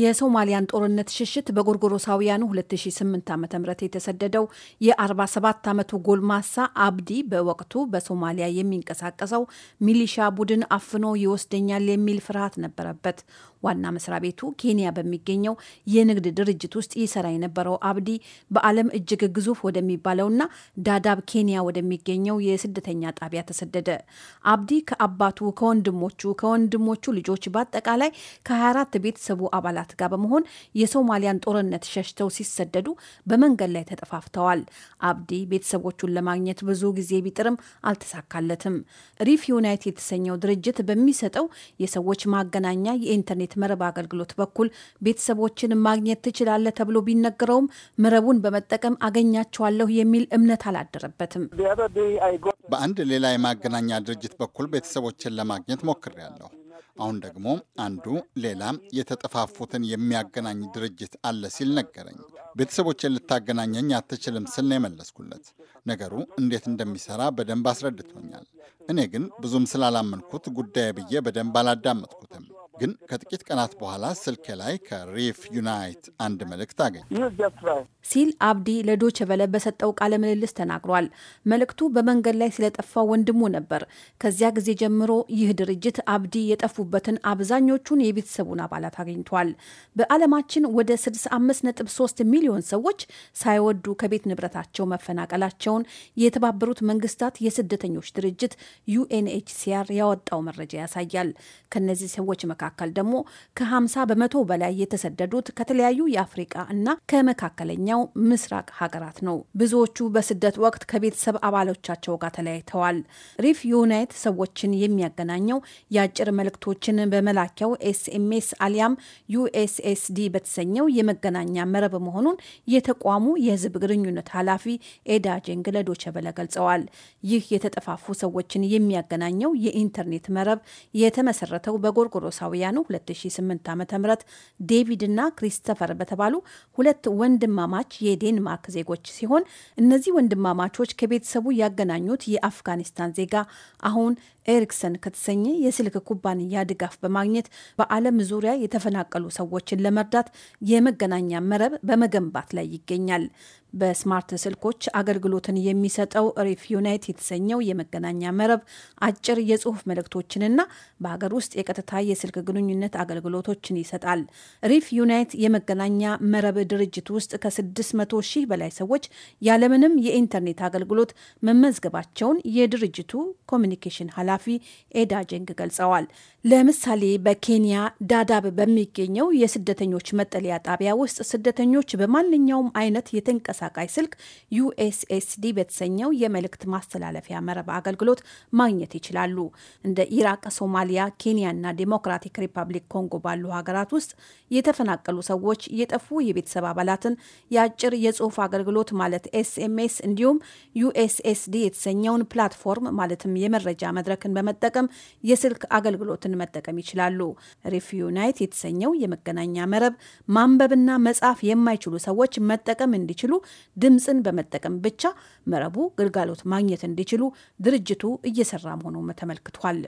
የሶማሊያን ጦርነት ሽሽት በጎርጎሮሳውያኑ 2008 ዓ ም የተሰደደው የ47 ዓመቱ ጎልማሳ አብዲ በወቅቱ በሶማሊያ የሚንቀሳቀሰው ሚሊሻ ቡድን አፍኖ ይወስደኛል የሚል ፍርሃት ነበረበት። ዋና መስሪያ ቤቱ ኬንያ በሚገኘው የንግድ ድርጅት ውስጥ ይሰራ የነበረው አብዲ በዓለም እጅግ ግዙፍ ወደሚባለውና ዳዳብ ኬንያ ወደሚገኘው የስደተኛ ጣቢያ ተሰደደ። አብዲ ከአባቱ፣ ከወንድሞቹ ከወንድሞቹ ልጆች በአጠቃላይ ከ24 ቤተሰቡ አባላት ጋር በመሆን የሶማሊያን ጦርነት ሸሽተው ሲሰደዱ በመንገድ ላይ ተጠፋፍተዋል። አብዲ ቤተሰቦቹን ለማግኘት ብዙ ጊዜ ቢጥርም አልተሳካለትም። ሪፍ ዩናይት የተሰኘው ድርጅት በሚሰጠው የሰዎች ማገናኛ የኢንተርኔት መረብ አገልግሎት በኩል ቤተሰቦችን ማግኘት ትችላለህ ተብሎ ቢነገረውም መረቡን በመጠቀም አገኛቸዋለሁ የሚል እምነት አላደረበትም። በአንድ ሌላ የማገናኛ ድርጅት በኩል ቤተሰቦችን ለማግኘት ሞክሬያለሁ። አሁን ደግሞ አንዱ ሌላ የተጠፋፉትን የሚያገናኝ ድርጅት አለ ሲል ነገረኝ። ቤተሰቦችን ልታገናኘኝ አትችልም ስል ነው የመለስኩለት። ነገሩ እንዴት እንደሚሰራ በደንብ አስረድቶኛል። እኔ ግን ብዙም ስላላመንኩት ጉዳይ ብዬ በደንብ አላዳመጥኩትም። ግን ከጥቂት ቀናት በኋላ ስልኬ ላይ ከሪፍ ዩናይት አንድ መልእክት አገኝ ሲል አብዲ ለዶቸበለ በሰጠው ቃለ ምልልስ ተናግሯል። መልእክቱ በመንገድ ላይ ስለጠፋው ወንድሙ ነበር። ከዚያ ጊዜ ጀምሮ ይህ ድርጅት አብዲ የጠፉበትን አብዛኞቹን የቤተሰቡን አባላት አግኝቷል። በዓለማችን ወደ 65.3 ሚሊዮን ሰዎች ሳይወዱ ከቤት ንብረታቸው መፈናቀላቸውን የተባበሩት መንግስታት የስደተኞች ድርጅት ዩኤንኤችሲአር ያወጣው መረጃ ያሳያል። ከነዚህ ሰዎች መካከል መካከል ደግሞ ከ50 በመቶ በላይ የተሰደዱት ከተለያዩ የአፍሪቃ እና ከመካከለኛው ምስራቅ ሀገራት ነው። ብዙዎቹ በስደት ወቅት ከቤተሰብ አባሎቻቸው ጋር ተለያይተዋል። ሪፍ ዩናይት ሰዎችን የሚያገናኘው የአጭር መልእክቶችን በመላኪያው ኤስኤምኤስ አሊያም ዩኤስኤስዲ በተሰኘው የመገናኛ መረብ መሆኑን የተቋሙ የህዝብ ግንኙነት ኃላፊ ኤዳ ጄንግ ለዶቼ ገልጸዋል። ይህ የተጠፋፉ ሰዎችን የሚያገናኘው የኢንተርኔት መረብ የተመሰረተው በጎርጎሮሳዊ አውሮፓውያኑ 2008 ዓ.ም ዴቪድ እና ክሪስቶፈር በተባሉ ሁለት ወንድማማች የዴንማርክ ዜጎች ሲሆን እነዚህ ወንድማማቾች ከቤተሰቡ ያገናኙት የአፍጋኒስታን ዜጋ አሁን ኤሪክሰን ከተሰኘ የስልክ ኩባንያ ድጋፍ በማግኘት በዓለም ዙሪያ የተፈናቀሉ ሰዎችን ለመርዳት የመገናኛ መረብ በመገንባት ላይ ይገኛል። በስማርት ስልኮች አገልግሎትን የሚሰጠው ሪፍ ዩናይት የተሰኘው የመገናኛ መረብ አጭር የጽሁፍ መልእክቶችንና በሀገር ውስጥ የቀጥታ የስልክ ግንኙነት አገልግሎቶችን ይሰጣል። ሪፍ ዩናይት የመገናኛ መረብ ድርጅት ውስጥ ከ600 ሺህ በላይ ሰዎች ያለምንም የኢንተርኔት አገልግሎት መመዝገባቸውን የድርጅቱ ኮሚኒኬሽን ኃላፊ ኤዳ ጀንግ ገልጸዋል። ለምሳሌ በኬንያ ዳዳብ በሚገኘው የስደተኞች መጠለያ ጣቢያ ውስጥ ስደተኞች በማንኛውም አይነት የተንቀሳቃሽ ስልክ ዩኤስኤስዲ በተሰኘው የመልእክት ማስተላለፊያ መረብ አገልግሎት ማግኘት ይችላሉ። እንደ ኢራቅ፣ ሶማሊያ፣ ኬንያና ዴሞክራቲክ ሪፐብሊክ ኮንጎ ባሉ ሀገራት ውስጥ የተፈናቀሉ ሰዎች የጠፉ የቤተሰብ አባላትን የአጭር የጽሁፍ አገልግሎት ማለት ኤስኤምኤስ እንዲሁም ዩኤስኤስዲ የተሰኘውን ፕላትፎርም ማለትም የመረጃ መድረክን በመጠቀም የስልክ አገልግሎትን መጠቀም ይችላሉ። ሬፊዩናይት የተሰኘው የመገናኛ መረብ ማንበብና መጻፍ የማይችሉ ሰዎች መጠቀም እንዲችሉ ድምፅን በመጠቀም ብቻ መረቡ ግልጋሎት ማግኘት እንዲችሉ ድርጅቱ እየሰራ መሆኑ ተመልክቷል።